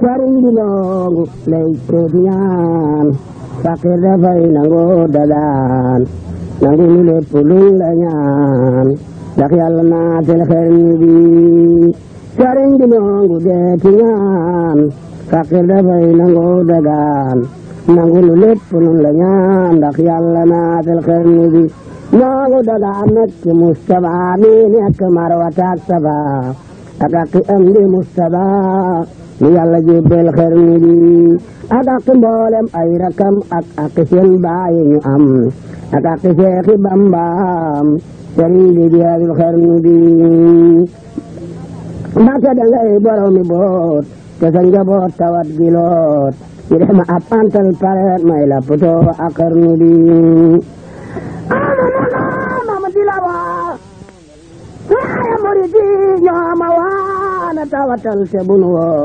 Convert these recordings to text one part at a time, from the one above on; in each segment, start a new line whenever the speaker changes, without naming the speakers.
sëriñ bi longu lay teg ñaan faqir dafay nangu dagaan nangu lu lépp luñ la ñaan ndax yàlla naatel xerni bi sëriñ bi longu deeti ñaan faqir dafay nangu dagaan nangu lu lépp luñ la ñaan ndax yàlla naatel bi nangu dagaan nag ci Mustapha mi nekk Marwata ak Safa ak ak am di Mustapha nu yàlla jébbal xer ni bi ak ak ay rakam ak ak seen baay ñu am ak ak seexi bambaam sëriñ bi jaabil xer ni bi mbàkke da ngay borom mi boot te sa tawat gi loot ñu def ma ab antal pareet may la poto ak xer ni bi amana di la waa waaye murid yi ñoo ma waana tawatal woo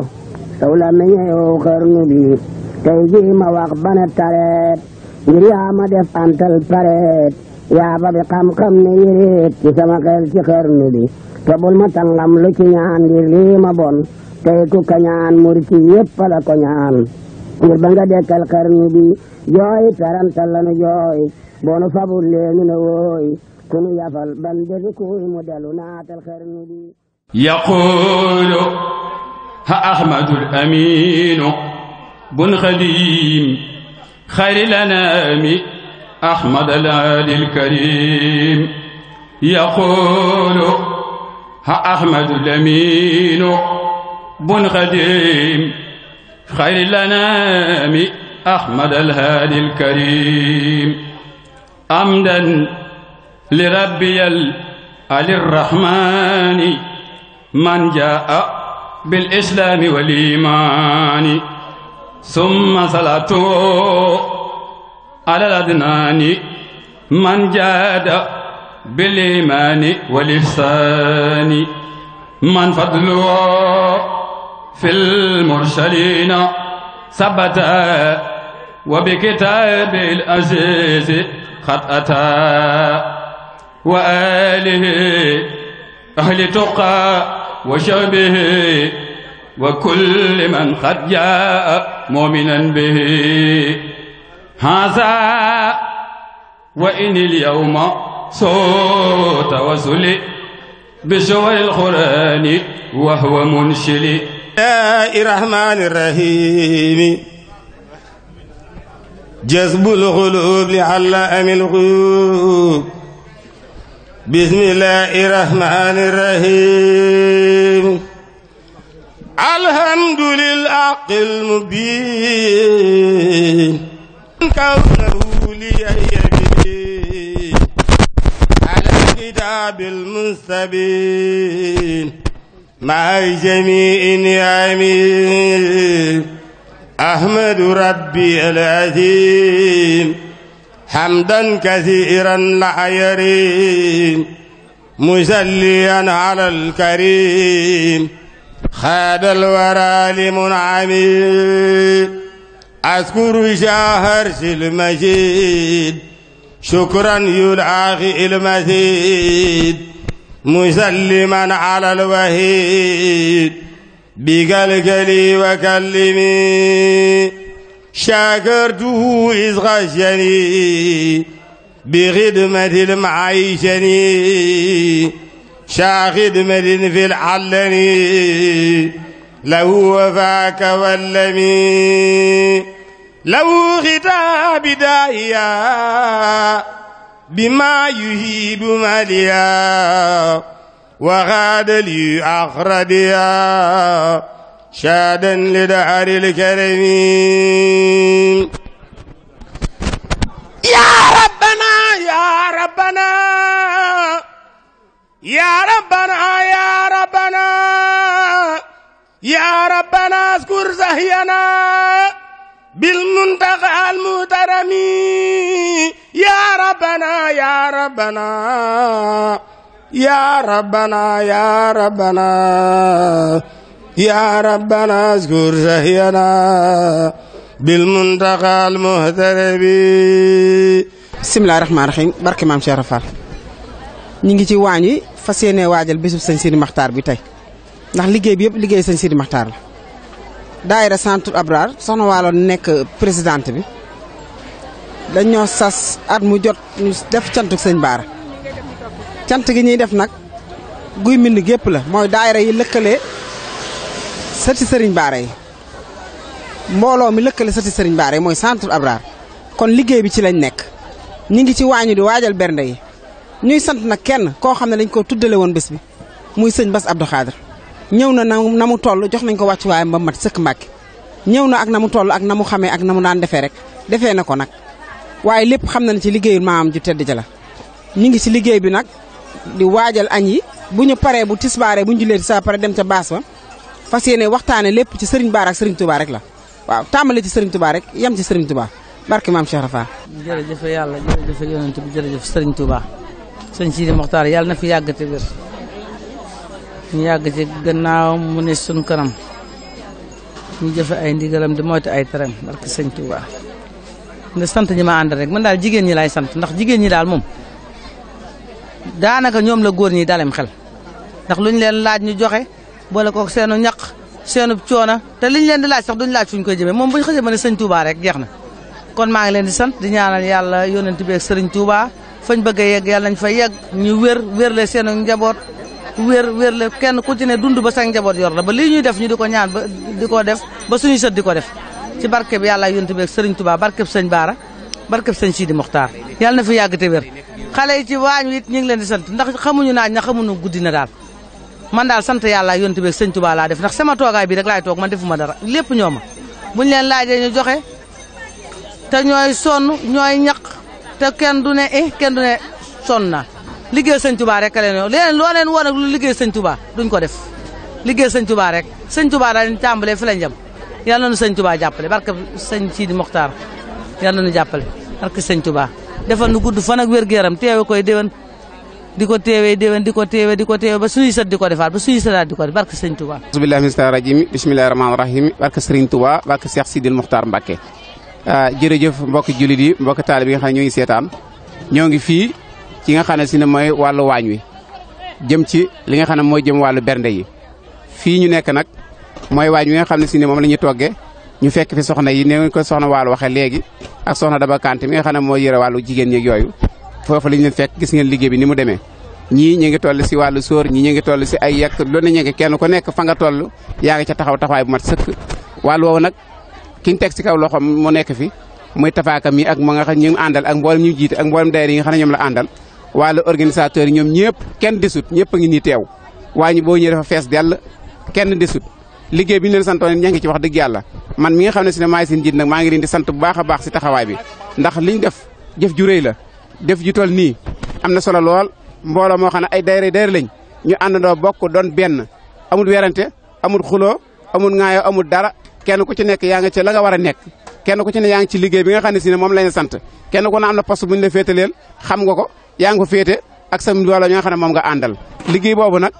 saw la meñ xew xarnu bi ma wax bana tareet ngir a ma def antal pareet yaa ba bi xam-xam ne yéreet ci sama xel ci xarnu bi bul ma tangam lu ci ñaan ngir lii ma bon tey ku ka ñaan mur ci yépp la ñaan ngir ba dekkal xarnu jooy tarantal la jooy boonu fabul leenu ne wooy ku nu yafal ban dëkkuy mu delu naatal xarnu bi
أحمد الأمين بن خديم خير الأنام أحمد العلي الكريم يقول ها أحمد الأمين بن خديم خير الأنام أحمد الهادي الكريم أمدا لربي الرحمن من جاء بالإسلام والإيمان ثم صلاته على الأدنان من جاد بالإيمان والإحسان من فضله في المرسلين ثبت وبكتاب العزيز قد أتى وآله أهل تقى وشعبه وكل من قد جاء مؤمنا به هذا وإن اليوم صوت وسلي بشوى القرآن وهو منشلي يا الرحمن الرحيم جذب القلوب
لعل أم الغيوب بسم الله الرحمن الرحيم الحمد للحق المبين كونه لي يبين على الكتاب المستبين مع جميع نعمه أحمد ربي العظيم حمدا كثيرا لا يريم مسليا على الكريم خاد الورى لمنعمي أذكر شهر المجيد شكرا يلاقي المزيد مسلما على الوحيد بقلقلي وكلمي شكرته إذ غشني بخدمة المعيشني شاخدمة في العلني له وفاك واللمي له ختاب داهيا بما يهيب ماليا وغاد لي أخرديا شادا لدهر الكريم
يا ربنا يا ربنا يا ربنا يا ربنا يا ربنا
اذكر زهينا بالمنتقى المترم يا ربنا يا ربنا يا ربنا يا ربنا يا ربنا اذكر
سهينا بالمنتقى المهترب بسم الله الرحمن الرحيم barke maam Cheikh Rafal ñu ngi ci waañ yi fas yéene waajal bésub sëñ Sidi Maxtaar bi tey ndax liggéey bi yëpp liggéey sañ Sidi Maxtaar la daayira Centre Abrar soxna Waalo nekk présidente bi dañoo sas at mu jot ñu def cantuk sëñ Baara cant gi ñuy def nag guy mbind gépp la mooy daayira yi lëkkalee sëti sëriñ Baara yi mbooloo mi lëkkale sëti sëriñ Baara yi mooy centre Abraar kon liggéey bi ci lañ nekk ñi ngi ci waañu di waajal bernde yi ñuy sant na kenn koo xam ne dañ ko tuddale woon bés bi muy sëñ bas Abdou Khadre ñëw na na mu toll jox nañ ko wàccu waayam ba mat sëkk Mbàkke ñëw na ak na mu toll ak na mu xamee ak na mu daan defee rek defee na ko nag waaye lépp xam na ne ci liggéeyul maam ju tedd ca la ñu ngi ci liggéey bi nag di waajal añ yi bu ñu paree bu tisbaaree bu ñu jullee sa pare dem ca baas ba fa yéene waxtaane lépp ci Serigne Bara ak Serigne rek la waaw tàmbale ci Serigne Touba rek yem ci Serigne Touba barke maam Cheikh Rafa.
jërëjëf yàlla jërëjëf yonent bi jërëjëf Serigne Touba sëñ Sidi Mokhtar yàlla na fi yàgg te wér ñu yàgg ci gannaaw mu ne suñu kanam ñu jëfe ay ndigalam di moytu ay teram barke sëñ Touba. nga sant ñi ma àndal rek man daal jigéen ñi laay sant ndax jigéen ñi daal moom daanaka ñoom la góor ñi dalem xel ndax luñ leen laaj ñu boole kook seenu ñaq seenu coona te liñ leen di laaj sax duñ laaj fuñ koy jëmee moom buñ xëjee ma ne sëñ Touba rek jeex na kon maa ngi leen di sant di ñaanal yàlla yonent bi ak sëriñ Touba fañ bëgg a yegg yàlla nañ fa yegg ñu wér wérle seenu njaboot wér wérle kenn ku ci ne dund ba sa njaboot yor la ba lii ñuy def ñu di ko ñaan ba di ko def ba suñuy sët di ko def ci barke bi yàlla yonent bi ak sëriñ Touba barkeb sëñ Baara barkeb sëñ Sidi Mokhtar yàlla na fi yàgg te wér xale yi ci waañ it ñu ngi leen di sant ndax xamuñu naaj na xamuñu guddi na daal man daal sant yàlla ak yonent bi ak laa def ndax sama toogaay bi rek laay toog man defuma dara lépp ñoo ma buñ leen laajee ñu joxe te ñooy sonn ñooy ñaq te kenn du ne eh kenn du ne sonn na liggéey sëñ Tuubaa rek ka leen yow leneen loo leen woon ak liggéey sëñ duñ ko def liggéey sëñ Tuubaa rek sëñ Tuubaa daal ñu tàmbalee fi lañ jëm yàlla nañu sëñ Tuubaa jàppale barke sëñ Sidi Mokhtar yàlla nañu jàppale barke sëñ Tuubaa defal nu ak wér gu koy déwén di ko teewee déwén di ko teewee di ko teewee ba suñuy sët di ko defaat ba suñuy sëtaat di ko def barke sëñ Touba.
bismillahi min seytaani rajim bismillahi rahmaani rahim barke Serigne Touba barke Cheikh Sidil Muxtaar Mbacke. Ah, jërëjëf mbokki jullit yi mbokki taalib yi nga xam ne ngi seetaan ñoo ngi fii ci nga xam ne si ne mooy wàllu waañ wi jëm ci li nga xam ne mooy jëm wàllu bernde yi fii ñu nekk nag mooy waañ wi nga xam ne si ne moom la ñu toggee ñu fekk fi soxna yi ne ko soxna Waalo waxee léegi ak soxna Daba Kanté mi nga xam ne moo yëre wàllu jigéen ñeeg yooyu foofu lañ leen fekk gis ngeen liggéey bi ni mu demee ñii ñu ngi toll si wàllu sóor ñii ñu ngi toll si ay yàq lu ne ñu kenn ko nekk fa nga toll yaa ngi ca taxaw taxawaay bu mat sëkk wàllu woowu nag kiñ teg si kaw loxoom mu nekk fi muy tafaaka mi ak mu nga xam ñu àndal ak mboolem ñu jiit ak mboolem daayira yi nga xam ne ñoom la àndal wàllu organisateurs yi ñoom ñëpp kenn disut ñëpp a ngi nii teew waa ñu boo ñëwee dafa fees dell kenn disut liggéey bi ñu leen santoon ngi ci wax dëgg yàlla man mi nga xam ne si ne maay seen nag maa ngi leen sant bu baax a baax si bi ndax liñ def jëf ju réy la def ju toll nii am na solo lool mbooloo moo xam ne ay dayre dayre lañ ñu àndandoo bokk doon benn amul werante amul xuloo amul ŋaayoo amul dara kenn ku ci nekk yaa ngi ci la nga war a nekk kenn ku ci ne yaa ngi ci liggéey bi nga xam ne si ne moom lañ sant kenn ku ne am na poste bu ñu la féetaleel xam nga ko yaa ngi ko féete ak sa mbooloo ñoo xam ne moom nga àndal liggéey boobu nag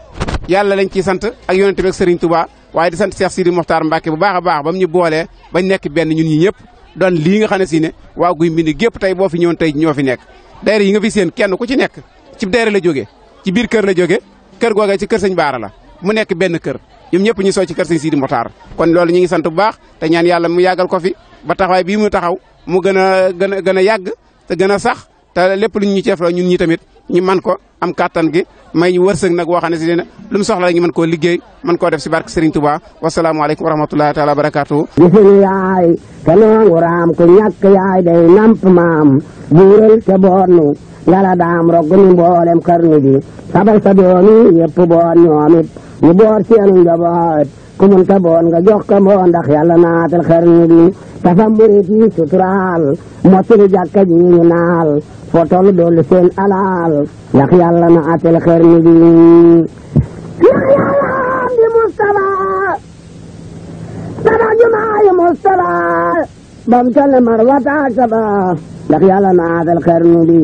yàlla lañ ciy sant ak yonent bi ak Serigne Touba waaye di sant Cheikh Sidi Mokhtar Mbacke bu baax a baax ba mu boolee bañ nekk benn ñun ñi ñëpp doon lii nga xam ne si ne waa guy mbind gépp tey boo fi ñëwoon tey ñoo fi nekk daayira yi nga fi séen kenn ku ci nekk ci daayira la jóge ci biir kër la jóge kër googe ci kër sëñ Baara la mu nekk benn kër ñoom ñëpp ñu soo ci kër sëñ Sidi Motaar kon loolu ñu ngi sant bu baax te ñaan yàlla mu yàggal ko fi ba taxawaay bii mu taxaw mu gën a gën a gën a yàgg te gën a sax te lépp lu ñu ceefloo ñun ñi tamit man ko am kàttan gi may ñu wërsëg nag woo xam ne si ne lu mu la ñu man koo liggéey man koo def si barke Serigne Touba wasalaamaaleykum wa rahmatullahi taala wa
barakaatu gisul yaay te noongu raam ku ñàkk yaay day namp maam buural te boornu ngala daam rogg ni mboolem karnu ji sabal sa doomi yëpp boor ñoomit ñu boor seenu njaboot ku mun ka boon nga jox ka mboon ndax yàlla naatal xarnu bi dafa murit yi suturaal mottali jàkka ji ñu naal foo toll dolli seen alaal ndax yàlla naatal xarnu bi ndax yàlla di Mustafa dara jumaayi Mustafa bam tale marwata saba ndax yàlla naatal xarnu bi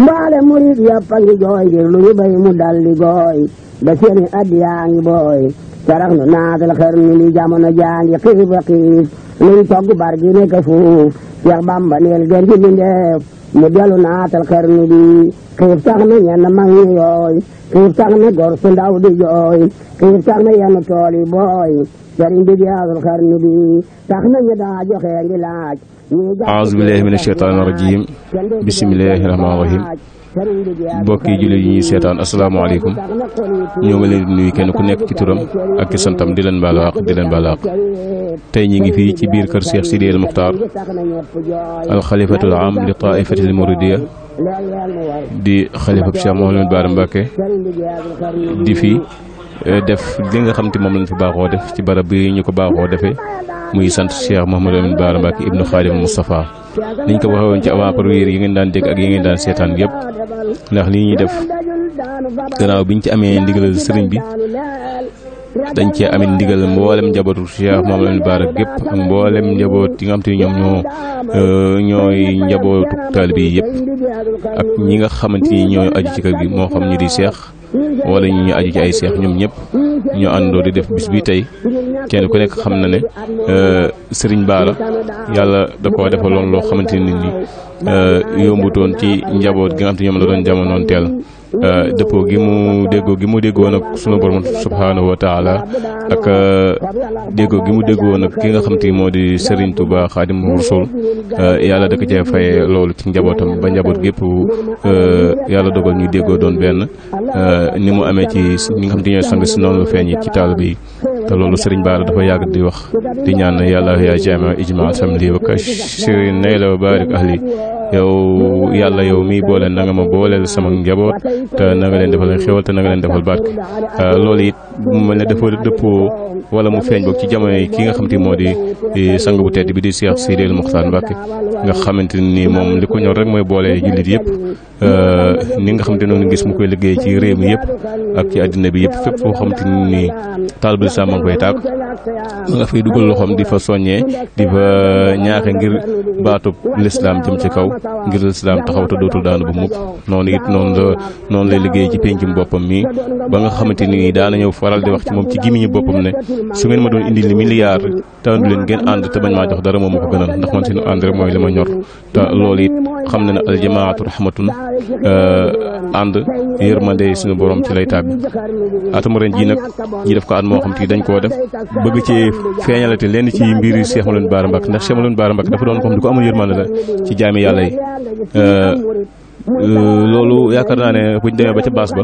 mbaale murit yàppa ngi jooy ngir lu ñu bay mu daldi gooy ba seeni addiyaa ngi booy sarax nu naatal xer ni li jamono jaangi xiif a xiif nuñ togg bar gi nekk fuuf Seex Bamba neel gën ci bindeef mu dellu naatal xer ni bi xiif tax na ñenn mag ñi yooy xiif tax na gor ndaw di jooy xiif tax na yenn tool yi booy sëriñ bi jeexal xer ni bi tax ñu daa joxe ngi laaj aouzu billahi mina sheytaani rajim
bismillahi rahmaani rahim mbokki jullit ñuy seetaan asalaamaaleykum ñoo ngi leen di kenn ku nekk ci turam ak ci santam di leen baal di leen baal tey ñi ngi fii ci biir kër Cheikh Sidi El Muxtaar alxalifatul am li taifatil muridiya
di xalifab Cheikh Mouhamadou
Bara Mbacké di fii Euh, def li nga xam te moom lañ fi baaxoo def ci barab bi ñu ko baaxoo defee muy sant Cheikh Mouhamadou Lamine Bara Mbacké ibnu Khadim Moustapha niñ ko waxee woon ci avant première yi ngeen daan dégg ak yi ngeen daan seetaan yëpp ndax li ñuy def gannaaw biñ ci amee ndigalal sëriñ bi dañ cee amit ndigal mboolem njabootu Cheikh Mouhamadou Lamine Bara gépp ak mboolem njaboot yi nga xam ñoom ñoo euh, ñooy njabootu taalibe yi yëpp ak ñi nga xamante ni ñooy aju ci kër gi moo xam ñu di Cheikh wala ñu aju ci ay seex ñoom ñëpp ñu àndoo di def bis bi tey kenn ku nekk xam na ne euh, sëriñ Baara yàlla da koo defaloon loo xamante ne nii euh, yombutoon ci njaboot gi nga ñoom la doon jamonoon teel. Euh, dëppoo gi mu déggoo gi mu déggoon ak sunu borom subhaanahu wa taala ak euh, déggoo gi mu déggoon ak ki nga xam te ni moo di Serigne Touba Xaadimu Rasuul euh, yàlla da ko cee fayee loolu ci njabootam ba njaboot gépp yàlla dogal ñu déggoo doon benn ni mu amee ci ni nga xam te ñooy sang si noonu la feeñ ci taalibe bi te loolu sëriñ Bara dafa yàgg di wax di ñaan yàlla yaa jaama ijma sam lii wa kasirin nay la wa baarik yow yàlla yow miy boole na nga ma booleel sama njaboot te na nga leen defal xéwal te na nga leen defal barke loolu it bu mu mel ne dafa dëppoo wala mu feeñ boog ci jamono yi ki nga xam te moo di sang bu tedd bi di Cheikh Sidi El Mokhtar Mbacké nga xamante nii moom li ko ñor rek mooy boole jullit yëpp euh, ni nga xamante noonu gis mu koy liggéey ci réew mi yëpp ak ci àddina bi yëpp fépp foo xamante ni taal bi saa koy tàkk nga fay loxoom di fa soññee di fa ngir baatub lislaam jëm ci kaw ngir lislaam taxaw te dootul daanu ba mukk noonu it noonu la lay liggéey ci péncum boppam mi ba nga xamante ni daana ñëw fa faral di wax ci moom ci gémmiñu boppam ne su ngeen ma doon indil ni milliard taandu leen ngeen ànd te bañ maa jox dara moom ma ko gënal ndax man seen ànd rek mooy li ma ñor te loolu it xam na ne aljamaatu rahmatun euh, ànd suñu borom ci lay tàbbi atum ren jii nag ñi def ko at moo xam te dañ koo def bëgg ci feeñalate lenn ci mbir yi Cheikh Maloune Bara Mbacké ndax Cheikh Maloune Bara Mbacké dafa doon ko xam ne ko amul yërmande la ci jaami yàlla yi euh, Euh, loolu yaakaar naa ne buñ demee ba ca baas ba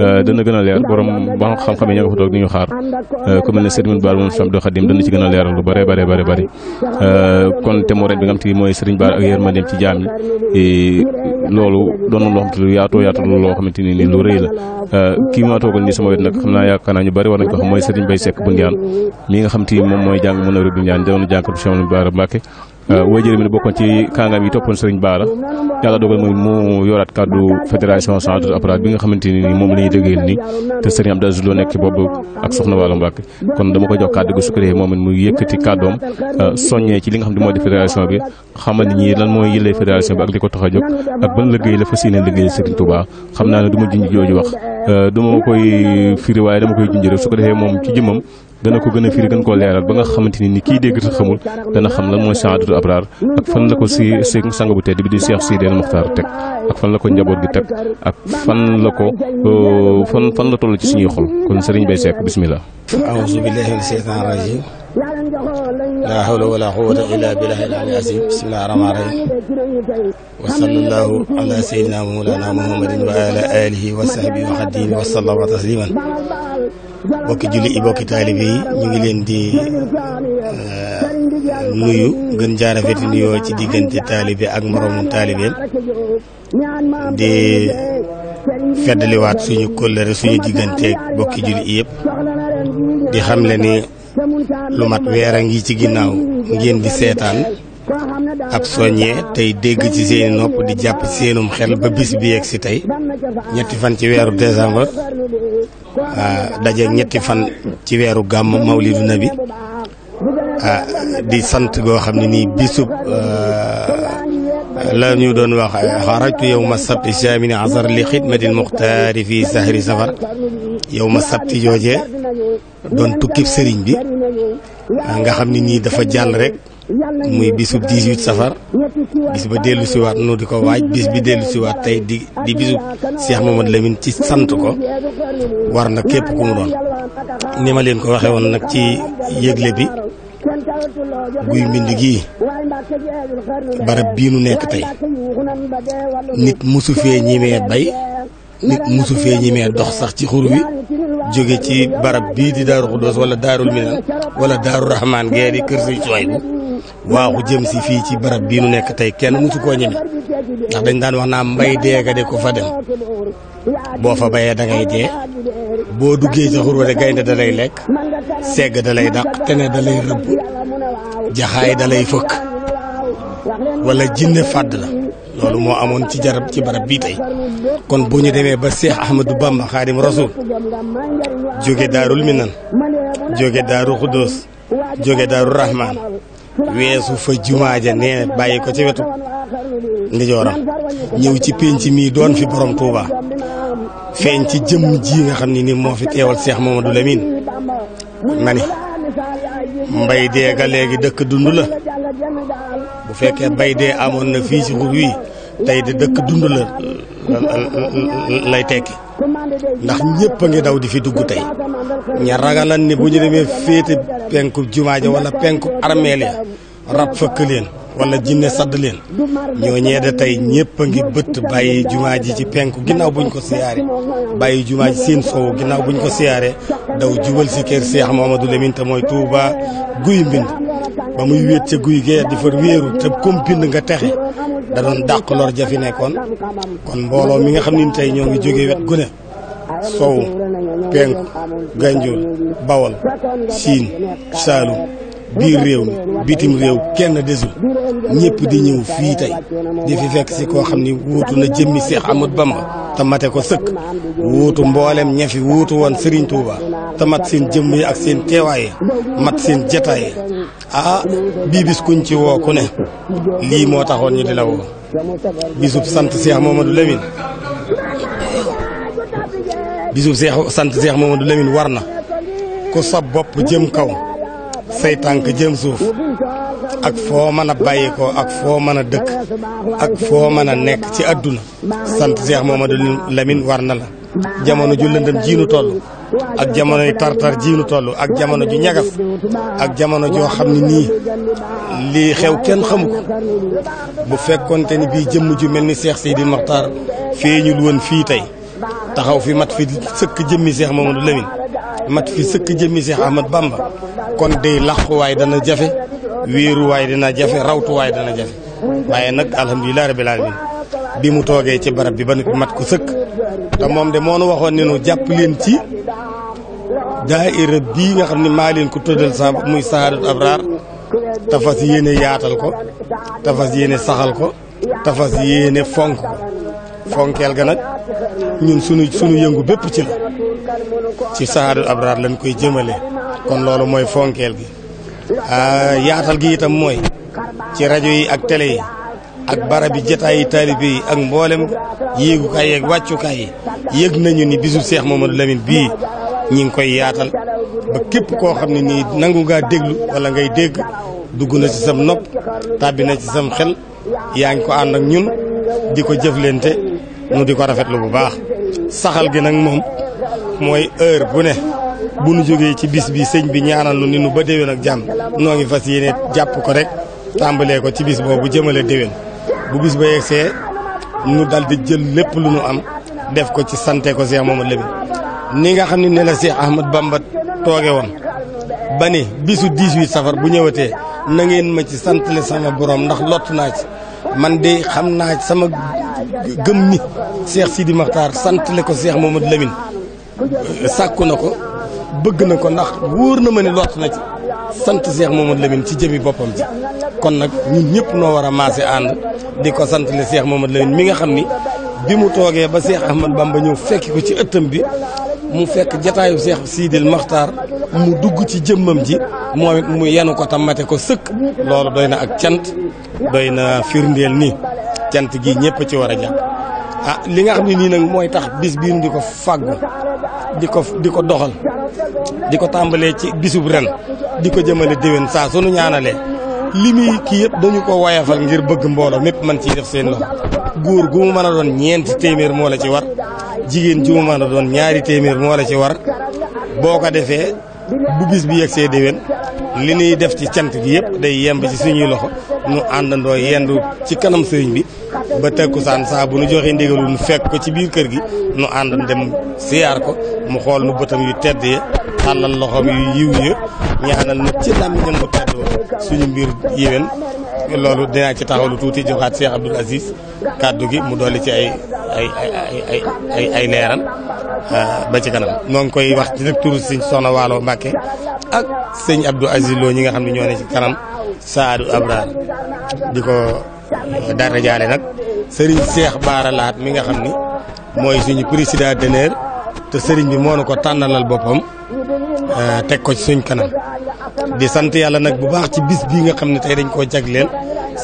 euh, dana gën a leer borom ba xam-xam yi ña nga fa toog di ñu xaar euh, ku mel ne Serigne Bara moom Abdou Khadim dana ci gën a leer lu bare bare bare bëri kon te moo bi nga xam te mooy Serigne Bara ak yërmandeem ci jaam yi loolu doon na loo xam te lu loo xam naa yaakaar naa ñu bëri war nañ ko xam mooy Serigne Baye Seck moom mooy jàng mën a rëbb Ndiane doon jànkatu Cheikh Bara Mbacké Euh, wajëri mi ne bokkoon ci kàngam yi toppoon Serigne Bara yàlla dogal mooy mu yoraat kàddu fédération centre appareil bi nga xamante ni moom la ñuy jógee ni te Serigne Abdou Aziz Lo nekk ci bopp ak Soxna Wàllu Mbàkke kon dama ko jox kàddu gi su ko defee moom it mu yëkkati kàddoom euh, nga xam ne moo di fédération bi xamal ni lan mooy yëlee fédération bi ak ko tax a jóg ak ban liggéey la fas yéene xam naa ne du ma junj jooju wax euh, du ma koy waaye dama koy junj su ko defee moom ci jëmmam dana ko gën a firi gën koo leeral ba nga xamante ni ni kii dégg te xamul dana xam lan mooy saadatu abraar ak fan la ko si si sang bu tedd bi di Cheikh Sidil Mokhtar teg ak fan la ko njaboot gi teg ak fan la ko fan fan la toll ci suñuy xol kon sëriñ Baye Seck bismillah. laa hawla wala quwwata illa billahi al-ali azim bismillahi rahmaani
rahim
ala sayyidina mawlana muhammadin wa alihi wa sahbihi wa xadimi
bokki julli yi bokki
taalibe yi di
nuyu gën jaarafeti nuyoo ci diggante taalibe ak moroomu taalibeem
di feddaliwaat suñu kóllëre suñu digganteeg bokki julli yi yëpp di xam lu mat weer a ngi ci ginnaaw ngeen di seetaan ab soññee tey dégg ci seeni nopp di jàpp ci seenum xel ba bis bi yegg si tey ñetti fan ci weeru décembre ah, daje ñetti fan ci weeru gàmm mawlidu nabi ah, di sant goo xam ne ni bisub ah, la ñu doon wax xarajtu yow ma sabti saamini asar li xidmatil muxtaari fii sahri safar yow ma sabti joojee doon tukkib sëriñ bi nga xam ne nii dafa jàll rek muy bisub 18 safar bis ba dellu siwaat nu di ko waaj bis bi dellu si waat tey di di bisub Cheikh Mamadou Lamine ci sant ko war na képp ku mu doon ni ma leen ko waxee woon nag ci yëgle bi guy mbind gii barab bii nu nekk tey nit mosu fee ñimee bay nit musu fee ñemee dox sax ci xur wi jóge ci barab bii di daaru xuddoos wala daarul minan wala daaru rahmaan gee di kër suy sooy bu waaxu jëm si fii ci barab bii nu nekk tey kenn musu koo ñeme ndax dañ daan wax naa mbay deega de ko fa dem boo fa bayee da ngay dee boo duggee ci xur wa de gaynde da lay lekk segg da dàq tene da lay rëbb jaxaay da fëkk wala jinne fàdd la loolu moo amoon ci jarab ci barab bii tey kon bu ñu demee ba Seex Ahmadou Bamba Xaadim Rasul jóge Daarul Minan jóge Daaru Xuddoos jóge Daaru Rahmaan weesu fa jumaa ja nee bàyyi ko ci wetu ndijooram ñëw ci penc mii doon fi borom Touba feeñ ci jëm ji nga xam ni ni moo fi teewal Seex Mamadou Lamine ma ni mbay deega léegi dëkk dund la bu fekkee mbay dee amoon na fii si xur wii tey de dëkk dund la lay tekki ndax ñëpp a ngi daw di fi dugg tey ña ragalan ni bu ñu demee féete penku jumaa ja wala penku armeel ya rab fëkk wala jinne sadd leen ñoo ñee tey ñëpp a ngi bëtt bàyyi jumaa ji ci penku ginnaaw buñ ko siyaare bàyyi jumaa ji seen sow ginnaaw buñ ko siyaare daw jubal si kër a Mouhamadou Lamine te mooy Touba guy mbind ba muy wéet ca guy gee di fa wéeru te comme bind nga texe da doon dàq lor ja fi nekkoon kon mbooloo mi nga xam ne tey ñoo ngi jógee wet gune sow penku ganjul bawol siin saalum biir réew mi bitim réew kenn desul ñëpp di ñëw fii tey di fi fekk si koo xam ni wuutu na jëmmi Seex Ahmadu ba te mate ko sëkk wuutu mboolem ña fi wuutu woon Serigne Touba te mat seen jëmm yi ak seen teewaay mat seen jataay ah bii bis kuñ ci woo ku ne lii moo taxoon ñu di la woo bisub sant Seex Mamadou Lamine bisub seex sant Seex Mamadou Lamine war na ku sab bopp jëm kaw say tànk jëm suuf ak foo mën a bàyyi ak foo mën a dëkk ak foo mën a nekk ci àdduna sant Cheikh Mamadou Lamine war na la jamono ju lëndëm jiinu toll ak jamono yi tartar jiinu toll ak jamono ju ñagas ak jamono joo xam ne nii lii xew kenn xamu ko bu fekkonte ni bii jëmm ju mel ni Cheikh Seydi Mokhtar feeñul woon fii tey taxaw fi mat fi sëkk jëmmi Cheikh Mamadou Lamine mat fi sëkk jëmmi Seex Ahmad Bamba kon day làquwaay dana jafe wéeruwaay dana jafe rawtuwaay dana jafe waaye nag alhamdulilah rabbil alamin bi mu toogee ci barab bi ba mat ko sëkk te moom de moo nu waxoon ne nu jàpp leen ci daaira bii nga xam ne maa leen ko tëddal sa muy sahaadatu abraar tafas yéene yaatal ko tafas yéene saxal ko tafas yéene fonk ko fonkeel ga nag ñun sunu sunu yëngu bépp ci la ci saxaadul abraar lañ koy jëmale kon loolu mooy fonkeel gi ah, yaatal gi itam mooy ci rajo yi ak télé yi ak barabi jataay yi taalibe yi ak mboolem yéegukaay yeeg wàccukaay yi yëg nañu ni bisu Seex Mamadou Lamine bii ñi ngi koy yaatal ba képp koo xam ni nii nangu ngaa déglu wala ngay dégg dugg na ci sam nopp tàbbi na ci sam xel yaa ngi ko ànd ak ñun di ko jëflante nu di ko rafetlu bu baax saxal gi nag moom mooy heure bu ne bu nu jógee ci bis bi sëñ bi ñaanal nu ni nu ba déwén ak jàmm noo ngi fas yéene jàpp ko rek tàmbalee ko ci bis bu jëmale déwén bu bis ba yegsee nu dal di jël lépp lu nu am def ko ci sante ko Cheikh Mamadou Lamine ni nga xam ne ne la Cheikh Ahmad Bamba tooge woon ba ni bisu 18 safar bu ñëwatee na ngeen ma ci santale sama borom ndax lott naa ci man de xam naa sama gëm ni Cheikh Sidi Makhtar santale ko Cheikh Mamadou Lamine sàkku na ko bëgg na ko ndax wóor na ma ni lott na ci sant moom Mamadou Lamine ci jëmi boppam ci kon nag ñun ñëpp noo war a maase ànd di ko sant seex moom Mamadou Lamine mi nga xam ni bi mu toogee ba Cheikh Ahmad ba ñëw fekki ko ci ëttam bi mu fekk jataayu Cheikh Sidil Maxtaar mu dugg ci jëmmam ji moom mu yenu ko tamate ko sëkk loolu doy na ak cant doy na firndeel ni cant gi ñëpp ci war a jàpp ah li nga xam ni nii nag mooy tax bis bii di ko fàggu di ko di ko doxal di ko tàmbalee ci bu ren di ko jëmale déwén saa sunu ñaanalee li muy kii yëpp dañu ko wayafal ngir bëgg mbooloo mépp man ci def seen loxo góor gu mu mën a doon ñeenti téeméer moo la ci war jigéen ju mu mën a doon ñaari téeméer moo la ci war boo ko defee bu bis bi yegsee déwén li ñuy def ci cant gi yëpp day yemb ci suñuy loxo ñu àndandoo yendu ci kanam sëriñ bi ba takkusaan saa bu nu joxee ndigalul nu fekk ko ci biir kër gi nu àndan dem siyaar ko mu xool nu bëtam yu tedd ya tàllal loxoom yu yiw ya ñaanal na ci làmmiñam bu tedd suñu mbir yéwén loolu dinaa ci taxaw lu tuuti joxaat Cheikh Abdoul Aziz kàddu gi mu dolli ci ay ay ay ay leeral ba ci kanam. noo ngi koy wax ci nag turu sëñ Soxna Waalo Mbàkke ak sëñ Abdou Aziz Lo ñi nga xam ne ñoo ci kanam Saadu Abraar di dara jaale nag. sëriñ seex Bara Lahat mi nga xam ni mooy suñu président d'honneur te sëriñ bi moo na ko tànnalal boppam euh, teg ko ci suñ kanam di sant yàlla nag bu baax ci bis bii nga xam ne tey dañ koo jagleel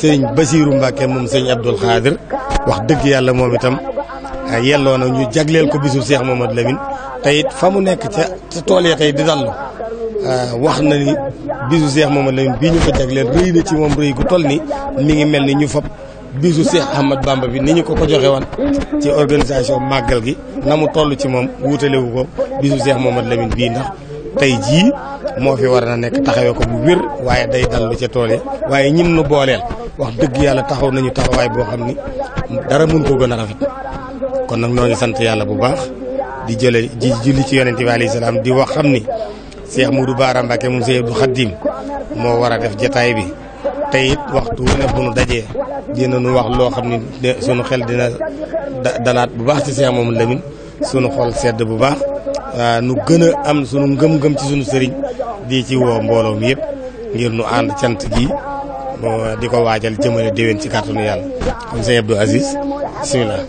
sëriñ Basiiru Mbàkke moom sëñ Abdul Xaadir wax dëgg yàlla moom itam euh, yelloo na ñu jagleel ko bisu seex moom Lamine te it fa mu nekk ca ca tool ya tey di dallu euh, wax na ni bisu Cheikh Mamadou Lamine bii ñu ko jagleel rëy na ci moom rëy gu toll ni mi ngi mel ni ñu fab bisu Cheikh Ahmad Bamba bi ni ñu ko ko joxe woon ci organisation màggal gi na mu toll ci moom wuutalewu ko bisu Cheikh Momadou Lamine bii ndax tey jii moo fi war na nekk taxawee ko bu wér waaye day dallu ca tool yi waaye ñin nu booleel wax dëgg yàlla taxaw nañu taxawaay boo xam ni dara mënu ko gën a rafet kon nag noo ngi sant yàlla bu baax di jële ji julli ci yonente bi alayhi salaam di wax xam ni seex mu Cheikh Moudou Bara Mbacké moom Cheikh Abdou Khadim moo war a def jataay bi te it waxtu ne bu nu dajee dinañu wax loo xam ni sunu xel dina dalaat bu baax ci Cheikh Mamadou Lamine sunu xol sedd bu baax nu gën am sunu ngëm-ngëm ci sunu sëriñ di ci woo mbooloo mi yëpp ngir nu ànd cant gi
di ko waajal jëmale déwén ci kàttanu yàlla comme sëñ Abdou Aziz bisimilah.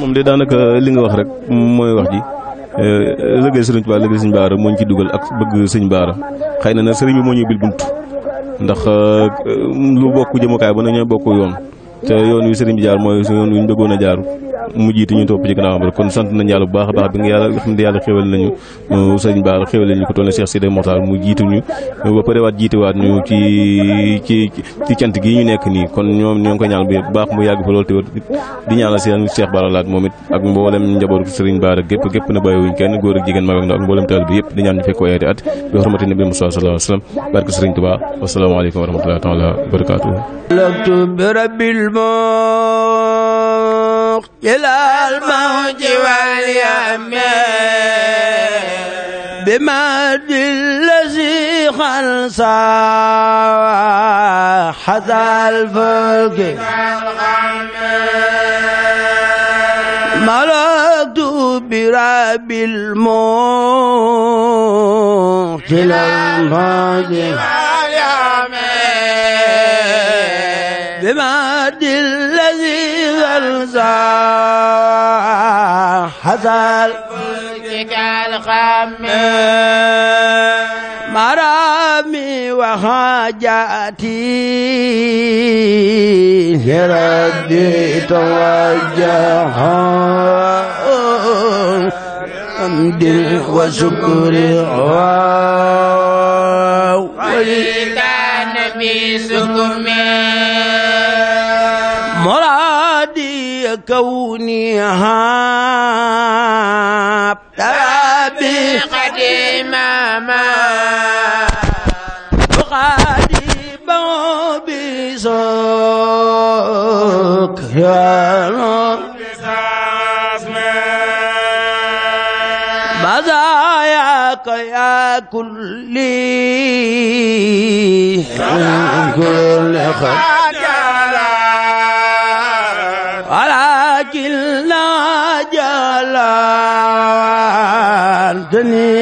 moom de daanaka li nga wax rek mooy wax ji. Euh, lëggee sëriñ Tuubaa lëggee sëñ Baara moo mooñ ci dugal ak bëgg sëñ Baara xëy na nag sëriñ bi moo ñuy bil bunt ndax euh, lu bokk jëmukaay ba na ñooy bokk yoon te yoon wi sëriñ bi jaar mooy yoon wi ñu bëggoon a jaaru mu jiite ñu topp ci gannaawam rek kon sant nañ yàlla bu baax a baax bi nga yàlla xam ne yàlla nañu sëñ Bara xéwal nañu ko toll ne Cheikh Sidi mu jiitu ñu ba pare waat jiite waat ñu ci cant gii ñu nekk nii kon ñoom ñoo ngi koy bu baax mu yàgg fa loolu te di ñaanal seen Cheikh Bara Laat moom it ak mboolem njabootu sëriñ Bara gépp gépp na bàyyiwuñ kenn góor ak jigéen mag ak ndaw ak mboolem taal bi yëpp di ñaan ñu fekk ko ayati at bi xormati nabi Musaa sallallahu alayhi wa wassalaamu aleykum wa rahmatullahi wa
إلى الموج واليم بمد الذي خلصا حذا الفلك مرض براب الموت إلى الموج واليم بمد الذي خلصا أزال فلتك الخمام مرامي وحاجاتي لربي توجها حمد وشكر ولك نبي سكمي مرادي كونها السماء غالب بزوك يا رب مزاياك يا كل من كل خجلا على جل جلال دنيا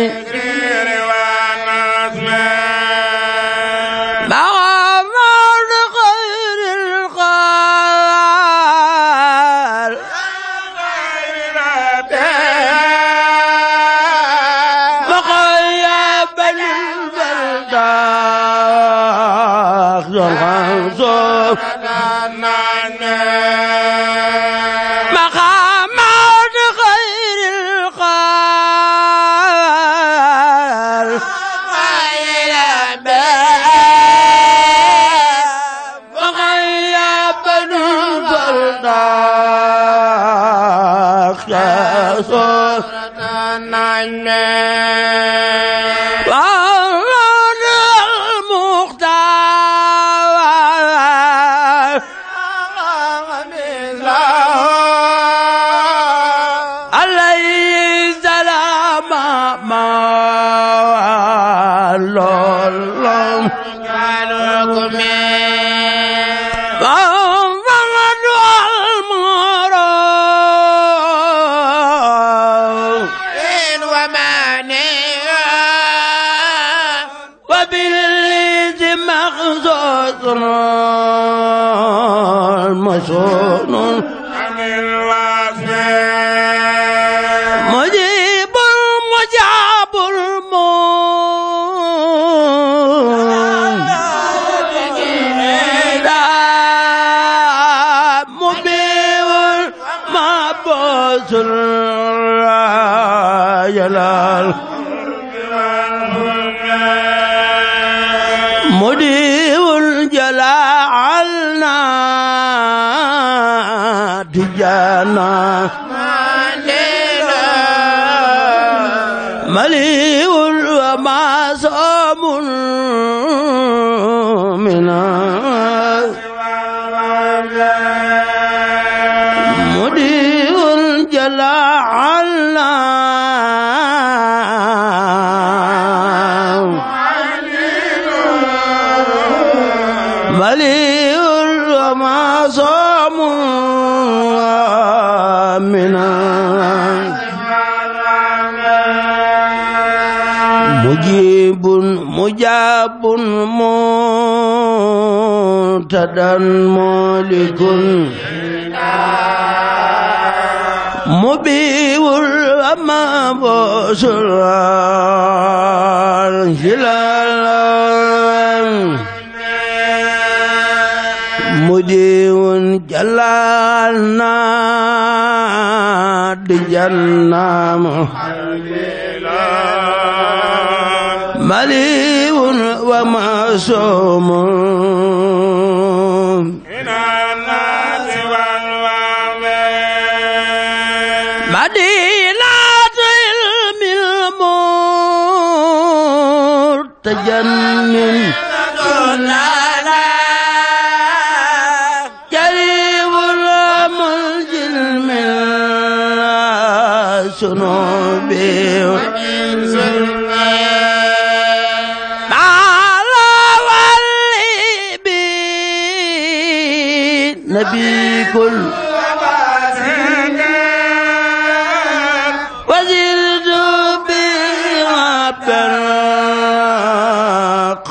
أن مقتدا مولك مبيب أما بسرار هلالا مجيب جلانا دجنا
محللا
مليء ومعصوم متجمل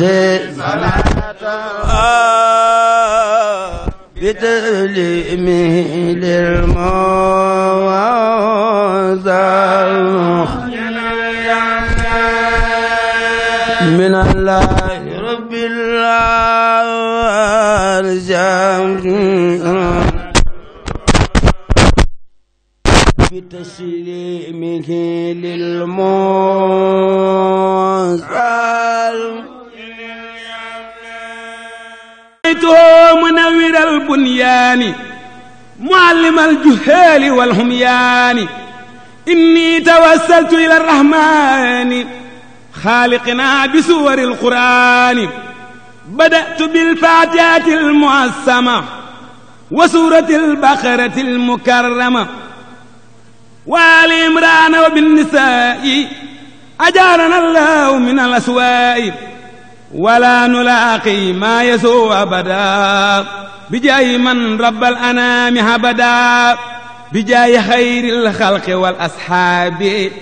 الخير بتعليمه للموعظة من الله رب العالمين بتسليمه
للموعظة kal bunyaani muallimal juhaali wal humyaani inni tawassaltu ila rahmaani xaaliqinaa bi suwari alquraani badatu bilfaatihati almuassama wa suurati albaqarati almukarrama wa aali imraana wa binnisaa'i ajaarana allahu min alaswaa'i wala nulaaqi maa yasoo abada bi jaayi man rabbal anaami habada bi jaayi xayril xalqi wal asxaabi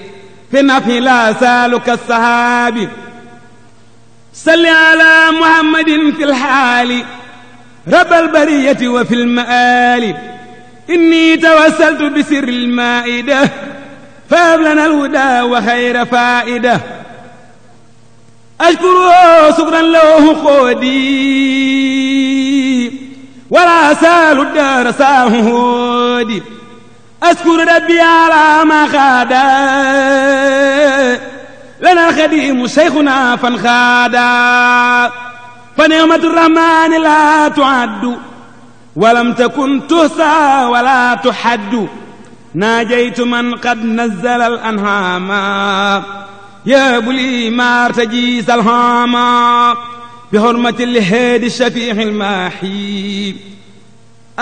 fi nafi laa saaluka sahaabi salli ala muhammadin fi lxaali rabbal bariyati wa fi lmaali inni tawassaltu bi sirri lmaa'ida fa ablana alhuda wa xayra faa'ida أشكر شكرا له خودي ولا أسال الدار سهودي أشكر ربي على ما خادا لنا الخديم شيخنا فانخادا فنعمة الرحمن لا تعد ولم تكن تهسى ولا تحد ناجيت من قد نزل الأنهام yaabuli maarta ji salhaama bi xormati lheedi shafiixi lmaahi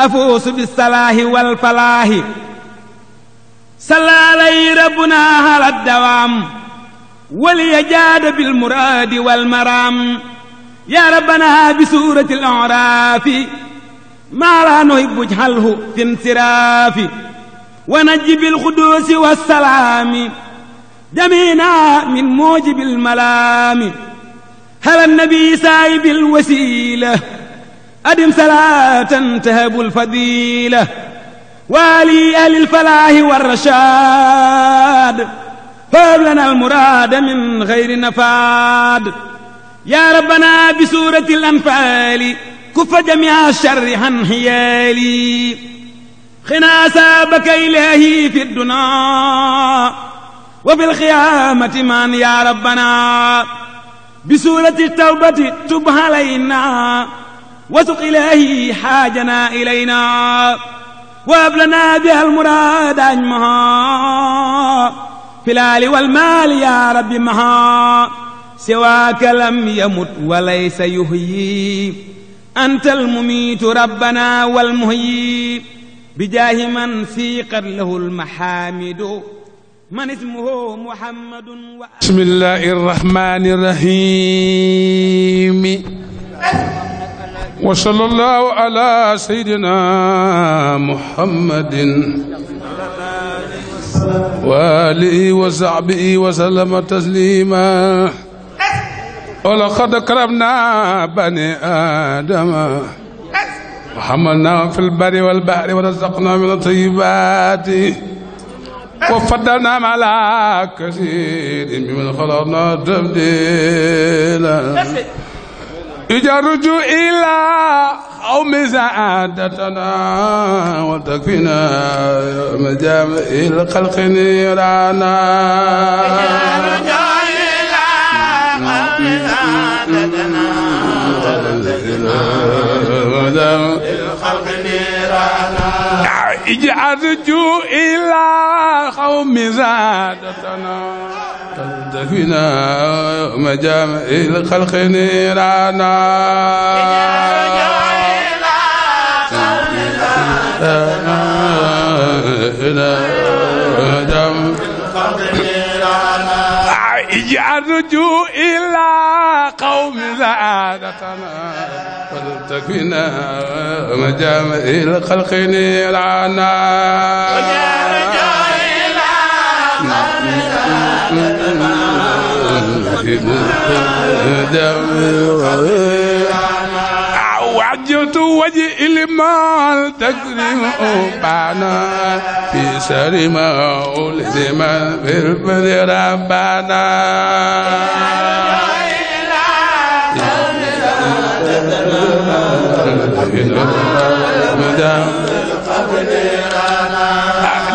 afuusu bisalaahi walfalaahi salaalay rabbuna ala dawaam waliya jaada bilmuraadi walmaraam yaa rabbana bi suurati aloraafi maa laa nuhibbu ij'alhu fi insiraafi wa najji bilquduusi wassalaami جميعنا من موجب الملام هل النبي سايب الوسيلة أدم صلاة تهب الفضيلة والي أهل الفلاح والرشاد هب لنا المراد من غير نفاد يا ربنا بسورة الأنفال كف جميع الشر عن حيالي خنا سابك إلهي في الدنيا wa fil xiyaamati man yaa rabbana bi suurati tawbati tub halayna wa suq ilaahi xaajana ilayna wa ablana bi almuraad ajmaha fil aali wal maali yaa rabbi maha siwaaka lam yamut wa laysa yuhyi anta almumiitu rabbana wal muhyi bi jaahi man siiqat lahu almahaamidu man ismuhu muhammadun wa bismillahi rahmani rahim
wa sallallahu ala sayyidina muhammadin wa alihi wa sahbihi wa sallama taslima ولقد كرمنا بني آدم وحملناهم في البر والبحر ورزقناهم من الطيبات وفضلنا على كثير ممن خلقنا تبديلا إجا رجوع إلى قوم سعادتنا وتكفينا مجامع الخلق نيرانا رجوع إلى قوم سعادتنا وتكفينا مجامع ij arju ilaa xawmi zaadatana taldafina ma jaama il xalqi niiraana ij arju ilaa xawmi zaadatana سكنا مجام إلى خلقين العنا وعجبت وجهي لما تكرم بانا في سر ما ألزم في البر ربنا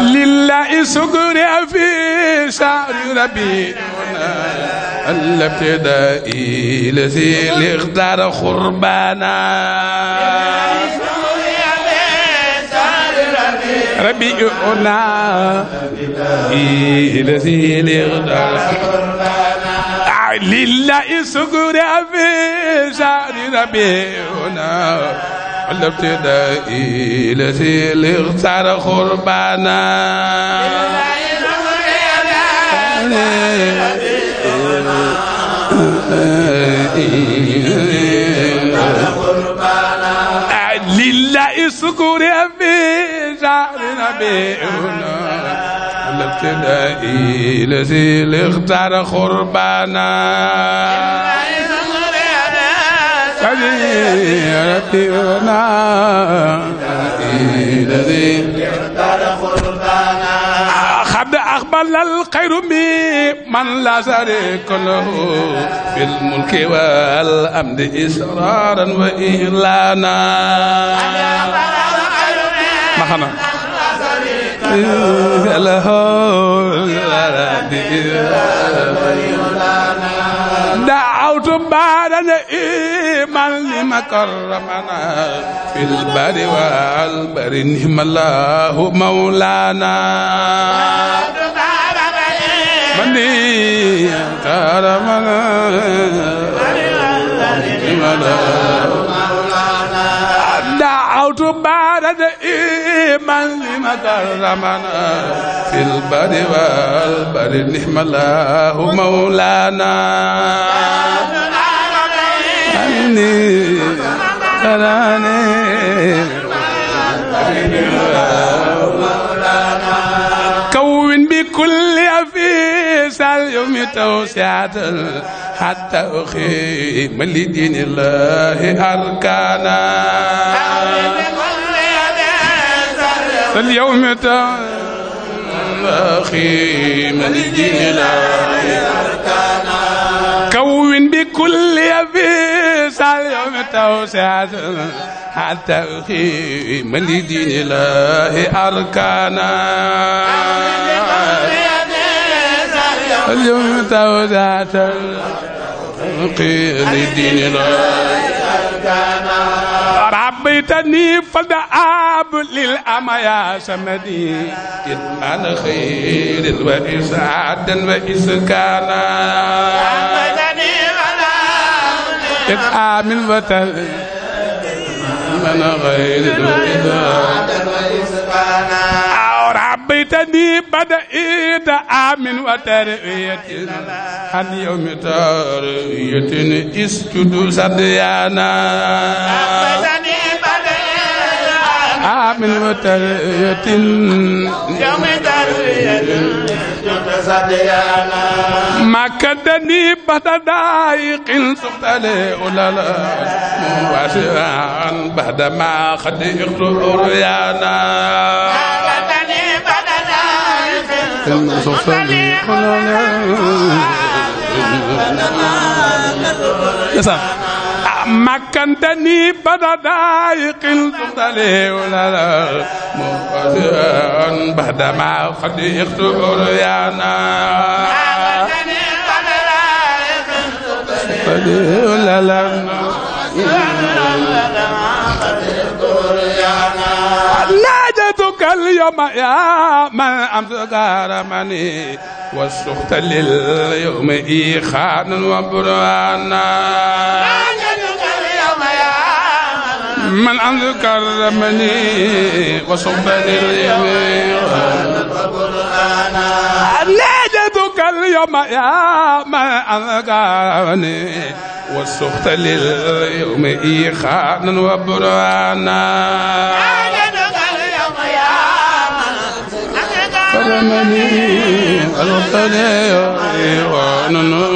لله سكن في شعر ربي الابتدائي الذي اختار خربانا ربيعنا الذي اختار خربانا لله سكر في شعر ربيعنا الابتداء الذي اختار قربانا لله سكر في شعر ربيعنا الابتدائي الذي اختار قربانا ربنا الذي اختار قربانا قد أقبل الخير من لا شريك له في الملك والأمن إسرارا وإعلانا ما خنا دعوت بعدنا إيمان لما كرمنا في البر والبر نعم الله مولانا مني كرمنا نعم الله بارد إيمان لما كرمنا في البر والبر نعم الله مولانا أني تراني بكل أفيس اليوم توسعة حتى أخيم لدين الله أركانا اليوم أخيم لدين الله أركانا كون بكل أفيس اليوم توسعة حتى أخيم لدين الله أركانا اليوم تودعة لدين الله أركانا ربيتني فدعاب للأم يا سمدي إن خير وإسعادا وإسكانا ربيتني فدعاب للأم يا سمدي خلقنا غير ذو ربيتني بدئت آمن وترئيتنا عن يوم ترئيتني اسجد صديانا ربيتني بدئت من وترية
يوم ترية يتصديانا
ما كدني بعد دايق سقط لي أولا واسعا بعد ما خديقت أريانا
ما كدني بعد
دايق سقط لي أولا واسعا مكنتني بدا دايق تطلي ولا مقدم بعد ما قد يختور يانا ولا لا نادتك اليوم يا من أمسك هرمني والسخط لليوم إيخانا وبرانا من أن كرمني وصبني اليمين نجدك اليوم يا من أنكرني والسخط لليوم إيخانا وبرانا
نجدك اليوم يا من
أنكرني والسخط لليوم إيخانا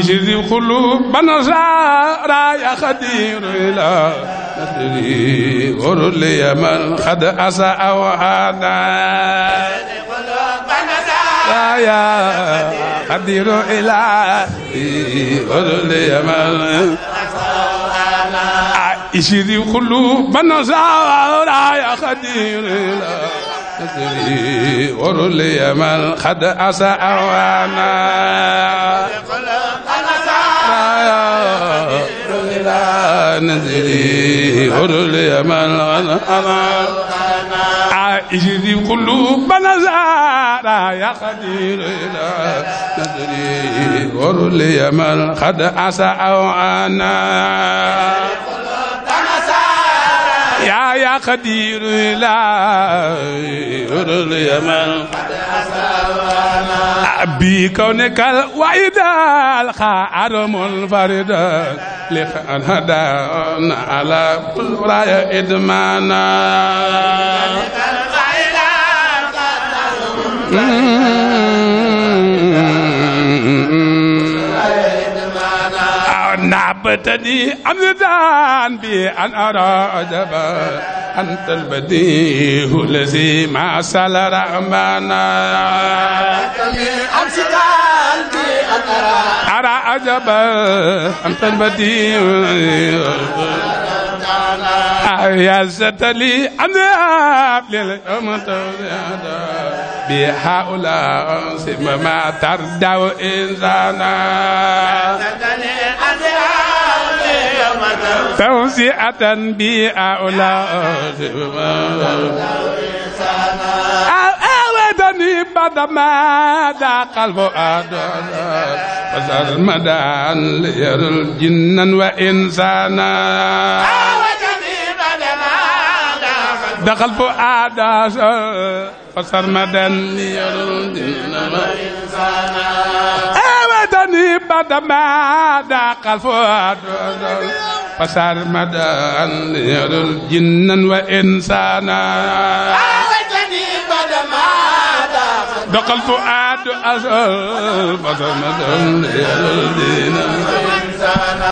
إشذي قلوبنا زارا يا خدير إلى نصري غر لي من قد أساء وهذا يا قدير إلى غر لي من إشذي قلوبنا زارا يا خدير إلى نصري غر لي من قد أساء وهذا نزلي هرل يمن أنا عائشتي قلوب نزارا يا قدير إلى نزلي هرل يمن قد أسعوا أنا يا يا قدير إلهي أرل اليمن بكونك الوعيد الخارم الفرد لخان هدانا على كل راية إدمانا بكونك الوعيد الخارم الفرد ونعبتني أم ذنبي أن أرى أجبا أنت البديه الذي ما سال رحمنا
أمس قلبي أن أرى
أرى أجبا أنت البديه يا ستلي أنا أبلي لك أمتو بهؤلاء سم ما تردوا إنسانا توسعة بهؤلاء سم ما تردوا إنسانا أوادني بعد ما ذاق الفؤاد فزر مدان لير جنا وإنسانا
أوادني بعد ما
ذاق الفؤاد فسرمدني أبدني بعد ما ذاق الفؤاد فسرمدني جنا وإنسانا
أبدني بعد ما
ذاق الفؤاد أزل فسرمدني جنا
وإنسانا